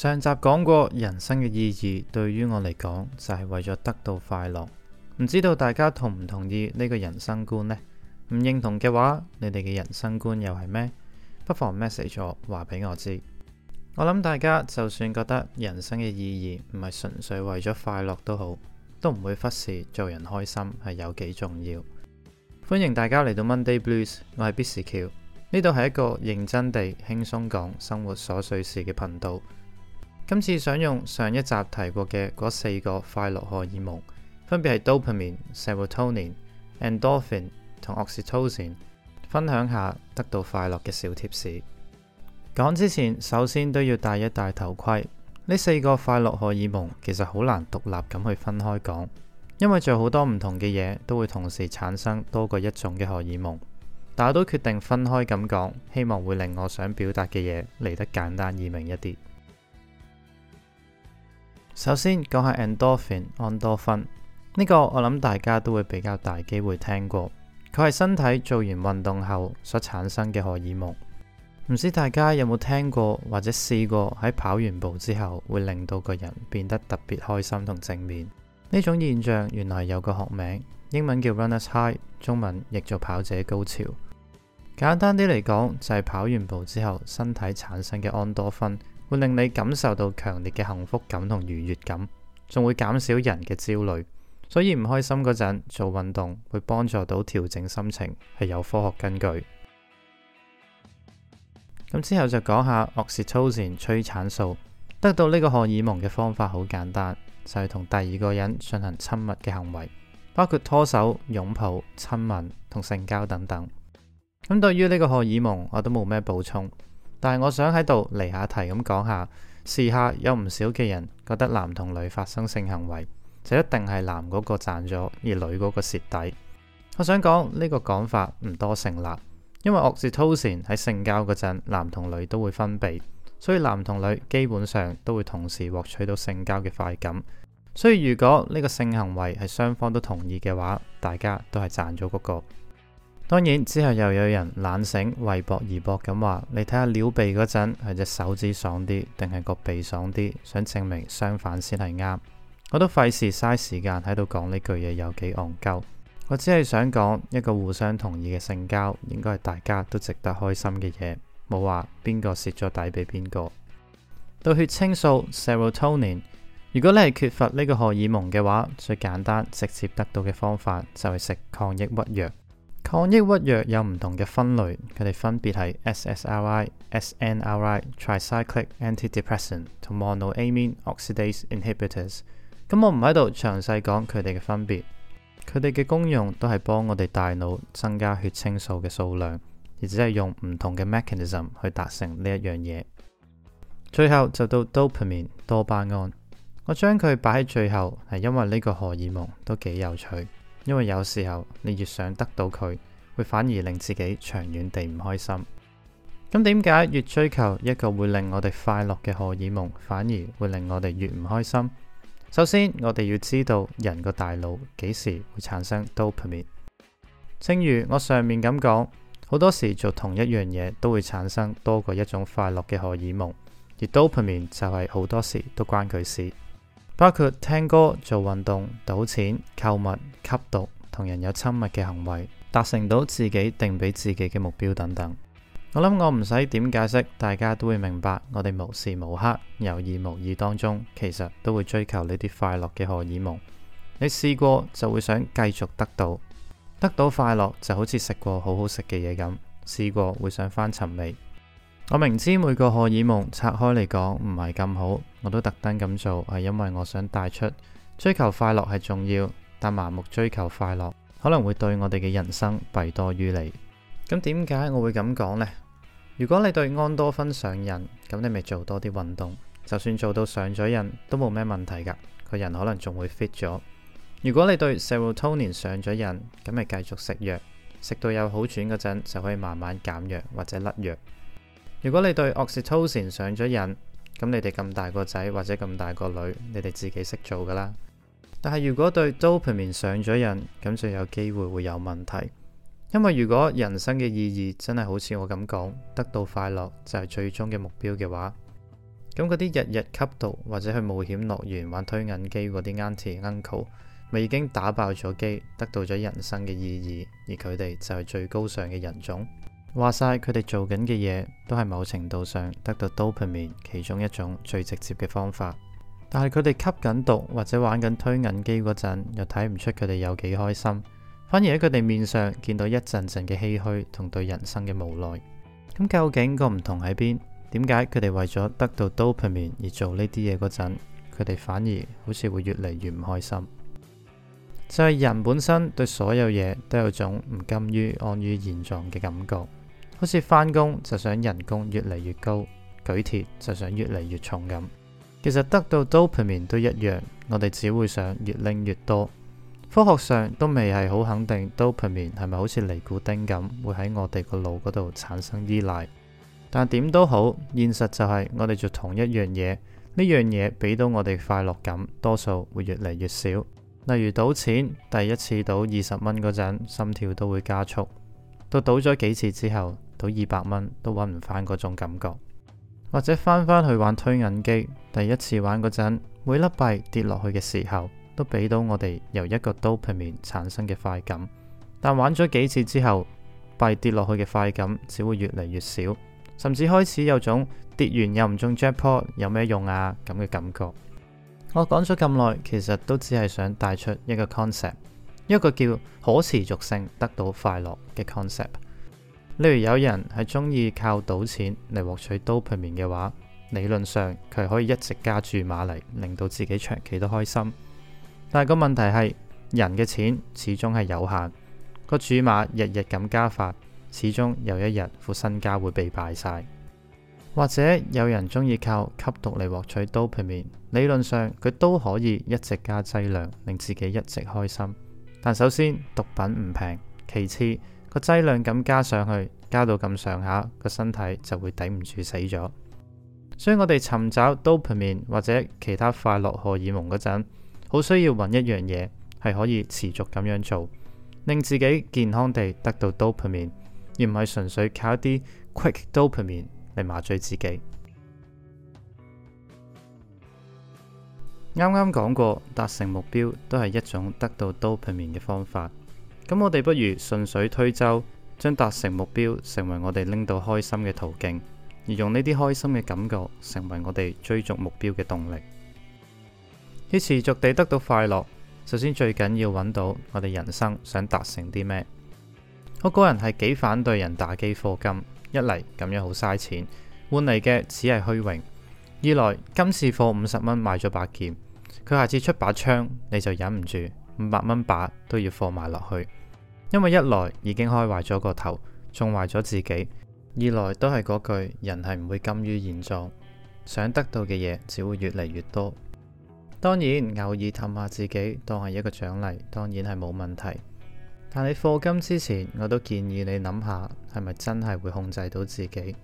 上集講過，人生嘅意義對於我嚟講就係為咗得到快樂。唔知道大家同唔同意呢個人生觀呢？唔認同嘅話，你哋嘅人生觀又係咩？不妨 message 我，話俾我知。我諗大家就算覺得人生嘅意義唔係純粹為咗快樂都好，都唔會忽視做人開心係有幾重要。歡迎大家嚟到 Monday Blues，我係 b i s i 橋呢度係一個認真地輕鬆講生活瑣碎事嘅頻道。今次想用上一集提過嘅嗰四個快樂荷爾蒙，分別係 Dopamine、Serotonin、Endorphin 同 Oxytocin，分享下得到快樂嘅小貼士。講之前，首先都要戴一戴頭盔。呢四個快樂荷爾蒙其實好難獨立咁去分開講，因為仲有好多唔同嘅嘢都會同時產生多過一種嘅荷爾蒙。但我都決定分開咁講，希望會令我想表達嘅嘢嚟得簡單易明一啲。首先講下 endorphin，安多芬呢個我諗大家都會比較大機會聽過，佢係身體做完運動後所產生嘅荷爾蒙。唔知大家有冇聽過或者試過喺跑完步之後會令到個人變得特別開心同正面呢種現象，原來有個學名，英文叫 runner’s high，中文譯做跑者高潮。簡單啲嚟講，就係跑完步之後身體產生嘅安多芬。會令你感受到強烈嘅幸福感同愉悦感，仲會減少人嘅焦慮，所以唔開心嗰陣做運動會幫助到調整心情，係有科學根據。咁 之後就講下 Oxytocin 催產素，得到呢個荷爾蒙嘅方法好簡單，就係、是、同第二個人進行親密嘅行為，包括拖手、擁抱、親吻同性交等等。咁對於呢個荷爾蒙，我都冇咩補充。但係我想喺度離下題咁講下，時下有唔少嘅人覺得男同女發生性行為就一定係男嗰個賺咗而女嗰個蝕底。我想講呢個講法唔多成立，因為 Oxytocin 喺性交嗰陣，男同女都會分泌，所以男同女基本上都會同時獲取到性交嘅快感。所以如果呢個性行為係雙方都同意嘅話，大家都係賺咗嗰個。當然之後又有人懶醒為博而博咁話，你睇下撩鼻嗰陣係隻手指爽啲，定係個鼻爽啲？想證明相反先係啱。我都費事嘥時間喺度講呢句嘢，有幾戇鳩。我只係想講一個互相同意嘅性交，應該係大家都值得開心嘅嘢，冇話邊個蝕咗底俾邊個。到血清素 （serotonin），如果你係缺乏呢個荷爾蒙嘅話，最簡單直接得到嘅方法就係食抗抑鬱藥。抗抑鬱藥有唔同嘅分類，佢哋分別係 SSRI、SNRI、嗯、Tricyclic antidepressant 同 Monoamine oxidase inhibitors。咁我唔喺度詳細講佢哋嘅分別，佢哋嘅功用都係幫我哋大腦增加血清素嘅數量，而只係用唔同嘅 mechanism 去達成呢一樣嘢。最後就到 Dopamine 多巴胺，我將佢擺喺最後，係因為呢個荷爾蒙都幾有趣。因為有時候你越想得到佢，會反而令自己長遠地唔開心。咁點解越追求一個會令我哋快樂嘅荷爾蒙，反而會令我哋越唔開心？首先，我哋要知道人個大腦幾時會產生 dopamine。正如我上面咁講，好多時做同一樣嘢都會產生多過一種快樂嘅荷爾蒙，而 dopamine 就係好多時都關佢事。包括聽歌、做運動、賭錢、購物、吸毒、同人有親密嘅行為、達成到自己定俾自己嘅目標等等。我諗我唔使點解釋，大家都會明白，我哋無時無刻、有意無意當中，其實都會追求呢啲快樂嘅荷爾蒙。你試過就會想繼續得到，得到快樂就好似食過好好食嘅嘢咁，試過會想翻尋味。我明知每個荷爾蒙拆開嚟講唔係咁好，我都特登咁做，係因為我想帶出追求快樂係重要，但盲目追求快樂可能會對我哋嘅人生弊多於利。咁點解我會咁講呢？如果你對安多芬上癮，咁你咪做多啲運動，就算做到上咗癮都冇咩問題噶。個人可能仲會 fit 咗。如果你對 serotonin 上咗癮，咁咪繼續食藥，食到有好轉嗰陣就可以慢慢減藥或者甩藥。如果你對 oxytocin 上咗癮，咁你哋咁大個仔或者咁大個女，你哋自己識做噶啦。但係如果對 dopamine 上咗癮，咁就有機會會有問題。因為如果人生嘅意義真係好似我咁講，得到快樂就係最終嘅目標嘅話，咁嗰啲日日吸毒或者去冒險樂園玩推銀機嗰啲 auntie uncle 咪已經打爆咗機，得到咗人生嘅意義，而佢哋就係最高尚嘅人種。話晒佢哋做緊嘅嘢，都係某程度上得到 dopamine 其中一種最直接嘅方法。但係佢哋吸緊毒或者玩緊推銀機嗰陣，又睇唔出佢哋有幾開心，反而喺佢哋面上見到一陣陣嘅唏噓同對人生嘅無奈。咁究竟個唔同喺邊？點解佢哋為咗得到 dopamine 而做呢啲嘢嗰陣，佢哋反而好似會越嚟越唔開心？就係人本身對所有嘢都有種唔甘於安於現狀嘅感覺。好似返工就想人工越嚟越高，舉鐵就想越嚟越重咁。其實得到 Dopamine 都一樣，我哋只會想越拎越多。科學上都未係好肯定 Dopamine 係咪好似尼古丁咁，會喺我哋個腦嗰度產生依賴。但點都好，現實就係我哋做同一樣嘢，呢樣嘢俾到我哋快樂感，多數會越嚟越少。例如賭錢，第一次賭二十蚊嗰陣，心跳都會加速，到賭咗幾次之後。到二百蚊都揾唔返嗰種感覺，或者翻返去玩推銀機，第一次玩嗰陣，每粒幣跌落去嘅時候，都俾到我哋由一個 dopamine 產生嘅快感。但玩咗幾次之後，幣跌落去嘅快感只會越嚟越少，甚至開始有種跌完又唔中 Jackpot 有咩用啊咁嘅感覺。我講咗咁耐，其實都只係想帶出一個 concept，一個叫可持續性得到快樂嘅 concept。例如有人係中意靠賭錢嚟獲取刀皮面嘅話，理論上佢可以一直加注碼嚟，令到自己長期都開心。但係個問題係，人嘅錢始終係有限，個注碼日日咁加法，始終有一日副身家會被敗晒。或者有人中意靠吸毒嚟獲取刀皮面，理論上佢都可以一直加劑量，令自己一直開心。但首先毒品唔平，其次，個劑量咁加上去，加到咁上下，個身體就會抵唔住死咗。所以我哋尋找多巴胺或者其他快樂荷爾蒙嗰陣，好需要揾一樣嘢係可以持續咁樣做，令自己健康地得到多巴胺，而唔係純粹靠一啲 quick 多巴胺嚟麻醉自己。啱啱講過，達成目標都係一種得到多巴胺嘅方法。咁我哋不如順水推舟，將達成目標成為我哋拎到開心嘅途徑，而用呢啲開心嘅感覺成為我哋追逐目標嘅動力。要持續地得到快樂，首先最緊要揾到我哋人生想達成啲咩。我個人係幾反對人打機課金，一嚟咁樣好嘥錢，換嚟嘅只係虛榮；二來今次課五十蚊買咗把劍，佢下次出把槍你就忍唔住五百蚊把都要放埋落去。因為一來已經開壞咗個頭，仲壞咗自己；二來都係嗰句，人係唔會甘於現狀，想得到嘅嘢只會越嚟越多。當然，偶爾氹下自己當係一個獎勵，當然係冇問題。但你課金之前，我都建議你諗下，係咪真係會控制到自己？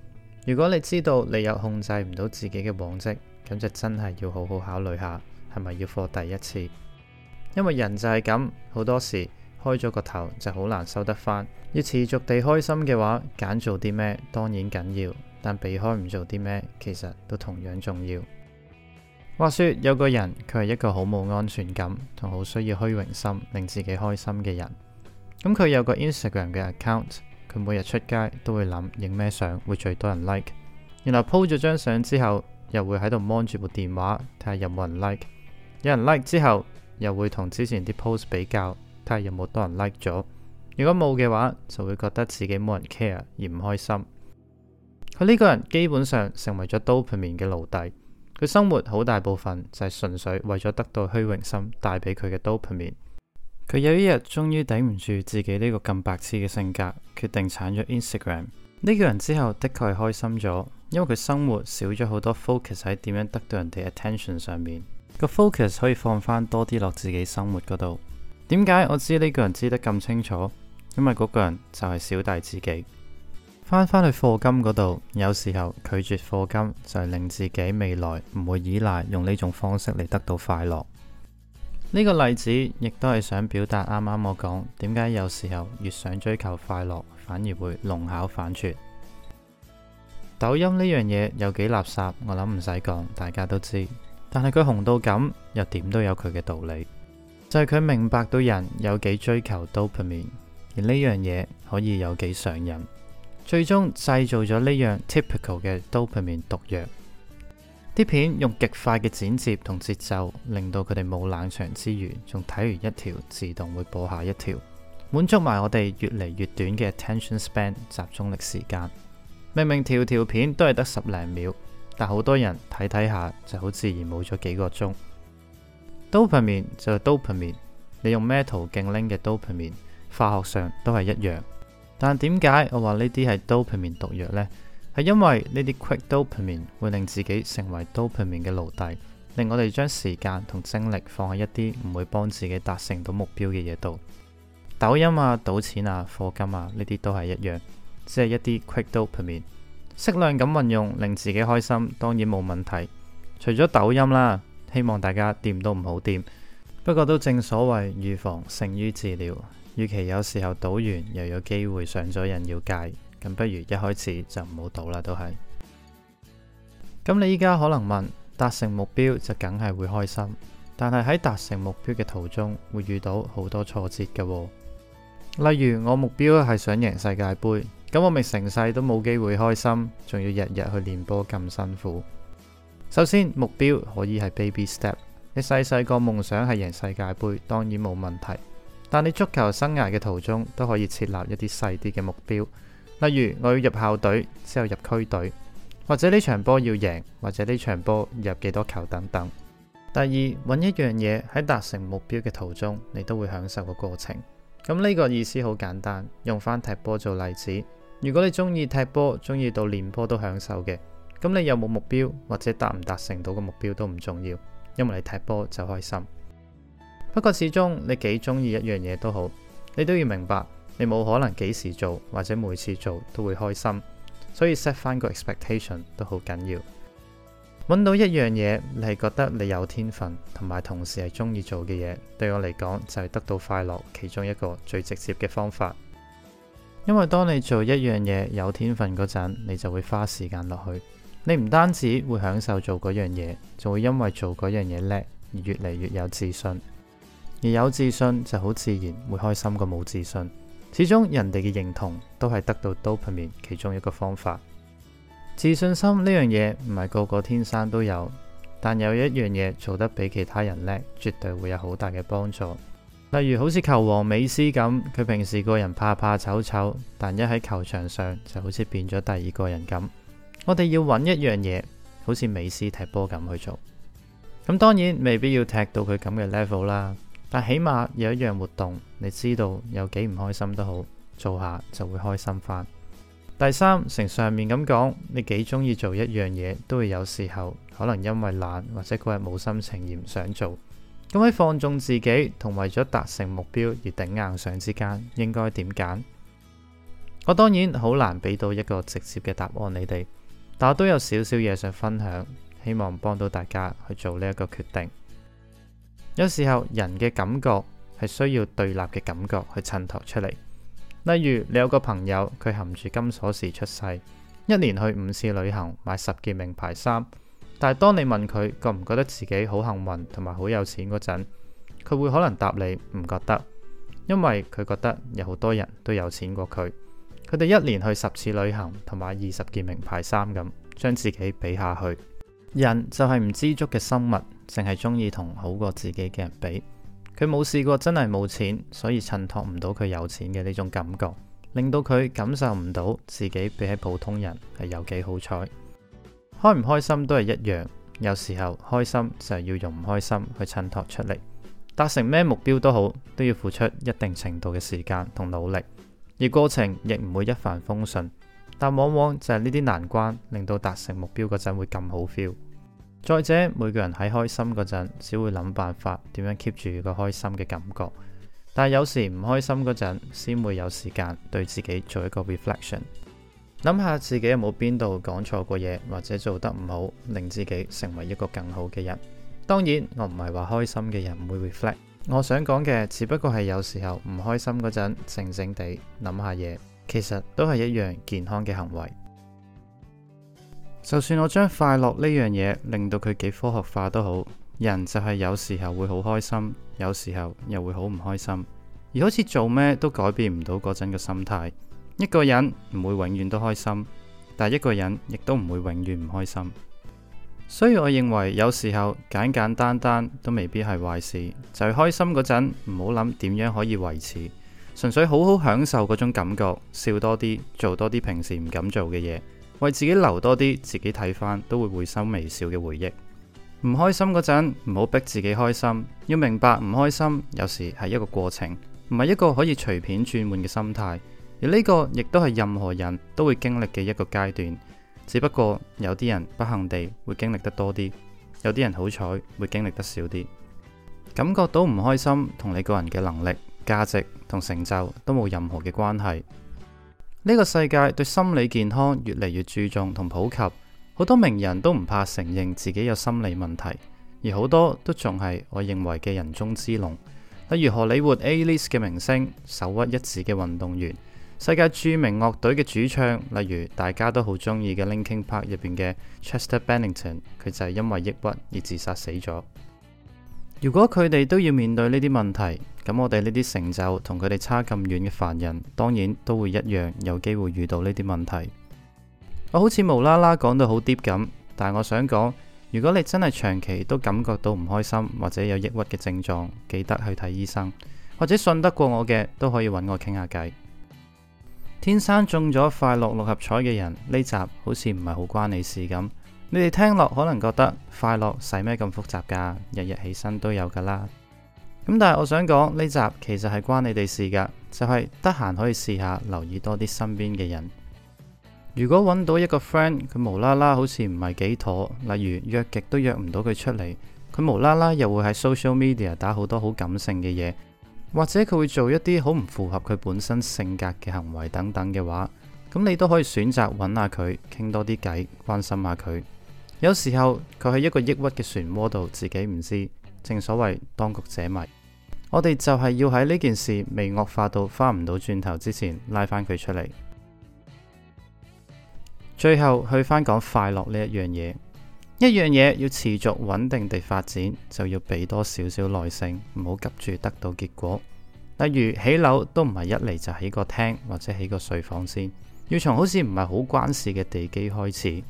如果你知道你有控制唔到自己嘅往績，咁就真係要好好考慮下，係咪要課第一次？因為人就係咁，好多時。開咗個頭就好難收得返。要持續地開心嘅話，揀做啲咩當然緊要，但避開唔做啲咩其實都同樣重要。話說有個人佢係一個好冇安全感同好需要虛榮心令自己開心嘅人。咁佢有個 Instagram 嘅 account，佢每日出街都會諗影咩相會最多人 like。然後鋪咗張相之後，又會喺度望住部電話睇下有冇人 like。有人 like 之後，又會同之前啲 post 比較。睇下有冇多人 like 咗，如果冇嘅話，就會覺得自己冇人 care 而唔開心。佢呢個人基本上成為咗 Douple 面嘅奴隸，佢生活好大部分就係純粹為咗得到虛榮心帶俾佢嘅 Douple 面。佢有一日終於頂唔住自己呢個咁白痴嘅性格，決定刪咗 Instagram。呢、這個人之後的確係開心咗，因為佢生活少咗好多 focus 喺點樣得到人哋 attention 上面，個 focus 可以放翻多啲落自己生活嗰度。點解我知呢個人知得咁清楚？因為嗰個人就係小弟自己。翻返去課金嗰度，有時候拒絕課金就係令自己未來唔會依賴用呢種方式嚟得到快樂。呢、這個例子亦都係想表達啱啱我講點解有時候越想追求快樂，反而會弄巧反拙。抖音呢樣嘢有幾垃圾，我諗唔使講，大家都知。但係佢紅到咁，又點都有佢嘅道理。就係佢明白到人有幾追求 dopamine，而呢樣嘢可以有幾上癮，最終製造咗呢樣 typical 嘅 dopamine 毒藥。啲片用極快嘅剪接同節奏，令到佢哋冇冷場之餘，仲睇完一條自動會播下一條，滿足埋我哋越嚟越短嘅 attention span 集中力時間。明明條條片都係得十零秒，但好多人睇睇下就好自然冇咗幾個鐘。Dopamine 就係 Dopamine 你用咩途徑拎嘅 Dopamine？化學上都係一樣。但係點解我話呢啲係 Dopamine 毒藥呢？係因為呢啲 quick Dopamine 會令自己成為 Dopamine 嘅奴隸，令我哋將時間同精力放喺一啲唔會幫自己達成到目標嘅嘢度。抖音啊、賭錢啊、課金啊，呢啲都係一樣，只係一啲 quick Dopamine。適量咁運用，令自己開心，當然冇問題。除咗抖音啦、啊。希望大家掂都唔好掂，不過都正所謂預防勝於治療。與其有時候賭完又有機會上咗癮要戒，咁不如一開始就唔好賭啦，都係。咁 你依家可能問，達成目標就梗係會開心，但係喺達成目標嘅途中會遇到好多挫折嘅喎。例如我目標係想贏世界盃，咁我咪成世都冇機會開心，仲要日日去練波咁辛苦。首先，目標可以係 baby step。你細細個夢想係贏世界盃，當然冇問題。但你足球生涯嘅途中，都可以設立一啲細啲嘅目標，例如我要入校隊，之後入區隊，或者呢場波要贏，或者呢場波入幾多球等等。第二，揾一樣嘢喺達成目標嘅途中，你都會享受個過程。咁呢個意思好簡單，用返踢波做例子。如果你中意踢波，中意到練波都享受嘅。咁你有冇目標或者達唔達成到個目標都唔重要，因為你踢波就開心。不過始終你幾中意一樣嘢，都好，你都要明白你冇可能幾時做或者每次做都會開心，所以 set 翻個 expectation 都好緊要。揾到一樣嘢，你係覺得你有天分同埋同時係中意做嘅嘢，對我嚟講就係得到快樂其中一個最直接嘅方法。因為當你做一樣嘢有天分嗰陣，你就會花時間落去。你唔單止會享受做嗰樣嘢，就會因為做嗰樣嘢叻而越嚟越有自信，而有自信就好自然會開心過冇自信。始終人哋嘅認同都係得到 dopamine 其中一個方法。自信心呢樣嘢唔係個個天生都有，但有一樣嘢做得比其他人叻，絕對會有好大嘅幫助。例如好似球王美斯咁，佢平時個人怕怕丑醜，但一喺球場上就好似變咗第二個人咁。我哋要揾一樣嘢，好似美斯踢波咁去做。咁當然未必要踢到佢咁嘅 level 啦，但起碼有一樣活動，你知道有幾唔開心都好，做下就會開心翻。第三，成上面咁講，你幾中意做一樣嘢，都會有時候可能因為懶或者嗰日冇心情而唔想做。咁喺放縱自己同為咗達成目標而頂硬上之間，應該點揀？我當然好難俾到一個直接嘅答案你，你哋。但我都有少少嘢想分享，希望幫到大家去做呢一個決定。有時候人嘅感覺係需要對立嘅感覺去襯托出嚟。例如你有個朋友佢含住金鎖匙出世，一年去五次旅行，買十件名牌衫。但係當你問佢覺唔覺得自己好幸運同埋好有錢嗰陣，佢會可能答你唔覺得，因為佢覺得有好多人都有錢過佢。佢哋一年去十次旅行同埋二十件名牌衫咁，將自己比下去。人就係唔知足嘅生物，淨係中意同好過自己嘅人比。佢冇試過真係冇錢，所以襯托唔到佢有錢嘅呢種感覺，令到佢感受唔到自己比起普通人係有幾好彩。開唔開心都係一樣，有時候開心就係要用唔開心去襯托出嚟。達成咩目標都好，都要付出一定程度嘅時間同努力。而過程亦唔會一帆風順，但往往就係呢啲難關令到達成目標嗰陣會咁好 feel。再者，每個人喺開心嗰陣，只會諗辦法點樣 keep 住個開心嘅感覺。但有時唔開心嗰陣，先會有時間對自己做一個 reflection，諗下自己有冇邊度講錯過嘢，或者做得唔好，令自己成為一個更好嘅人。當然，我唔係話開心嘅人唔會 reflect。我想講嘅只不過係有時候唔開心嗰陣，靜靜地諗下嘢，其實都係一樣健康嘅行為。就算我將快樂呢樣嘢令到佢幾科學化都好，人就係有時候會好開心，有時候又會好唔開心，而好似做咩都改變唔到嗰陣嘅心態。一個人唔會永遠都開心，但一個人亦都唔會永遠唔開心。所以我認為有時候簡簡單單都未必係壞事，就係開心嗰陣唔好諗點樣可以維持，純粹好好享受嗰種感覺，笑多啲，做多啲平時唔敢做嘅嘢，為自己留多啲自己睇翻都會會心微笑嘅回憶。唔開心嗰陣唔好逼自己開心，要明白唔開心有時係一個過程，唔係一個可以隨便轉換嘅心態。而呢個亦都係任何人都會經歷嘅一個階段。只不過有啲人不幸地會經歷得多啲，有啲人好彩會經歷得少啲。感覺到唔開心同你個人嘅能力、價值同成就都冇任何嘅關係。呢個世界對心理健康越嚟越注重同普及，好多名人都唔怕承認自己有心理問題，而好多都仲係我認為嘅人中之龍，例如荷里活 A list 嘅明星、首屈一指嘅運動員。世界著名樂隊嘅主唱，例如大家都好中意嘅 Linkin Park 入邊嘅 Chester Bennington，佢就係因為抑鬱而自殺死咗。如果佢哋都要面對呢啲問題，咁我哋呢啲成就同佢哋差咁遠嘅凡人，當然都會一樣有機會遇到呢啲問題。我好似無啦啦講到好 deep 咁，但係我想講，如果你真係長期都感覺到唔開心或者有抑鬱嘅症狀，記得去睇醫生，或者信得過我嘅都可以揾我傾下偈。天生中咗快樂六合彩嘅人，呢集好似唔係好關你事咁。你哋聽落可能覺得快樂使咩咁複雜噶？日日起身都有噶啦。咁但係我想講，呢集其實係關你哋事噶，就係得閒可以試下留意多啲身邊嘅人。如果揾到一個 friend，佢無啦啦好似唔係幾妥，例如約極都約唔到佢出嚟，佢無啦啦又會喺 social media 打好多好感性嘅嘢。或者佢會做一啲好唔符合佢本身性格嘅行為等等嘅話，咁你都可以選擇揾下佢傾多啲偈，關心下佢。有時候佢喺一個抑鬱嘅漩渦度，自己唔知。正所謂當局者迷，我哋就係要喺呢件事未惡化到翻唔到轉頭之前，拉翻佢出嚟。最後去翻講快樂呢一樣嘢。一樣嘢，要持續穩定地發展，就要俾多少少耐性，唔好急住得到結果。例如起樓都唔係一嚟，就起個廳或者起個睡房先，要從好似唔係好關事嘅地基開始。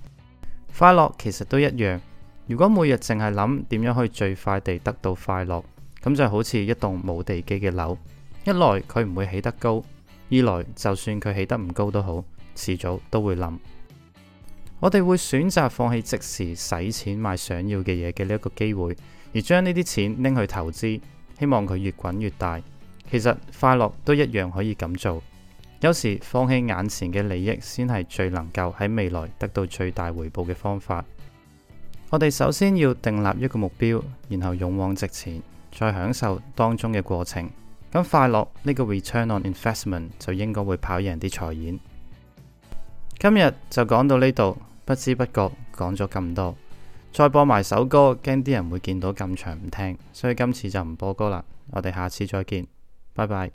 快樂其實都一樣，如果每日淨係諗點樣可以最快地得到快樂，咁就好似一棟冇地基嘅樓，一來佢唔會起得高，二來就算佢起得唔高都好，遲早都會冧。我哋會選擇放棄即時使錢買想要嘅嘢嘅呢一個機會，而將呢啲錢拎去投資，希望佢越滾越大。其實快樂都一樣可以咁做，有時放棄眼前嘅利益，先係最能夠喺未來得到最大回報嘅方法。我哋首先要訂立一個目標，然後勇往直前，再享受當中嘅過程。咁快樂呢個 return on investment 就應該會跑贏啲財演。今日就講到呢度。不知不覺講咗咁多，再播埋首歌，驚啲人會見到咁長唔聽，所以今次就唔播歌啦。我哋下次再見，拜拜。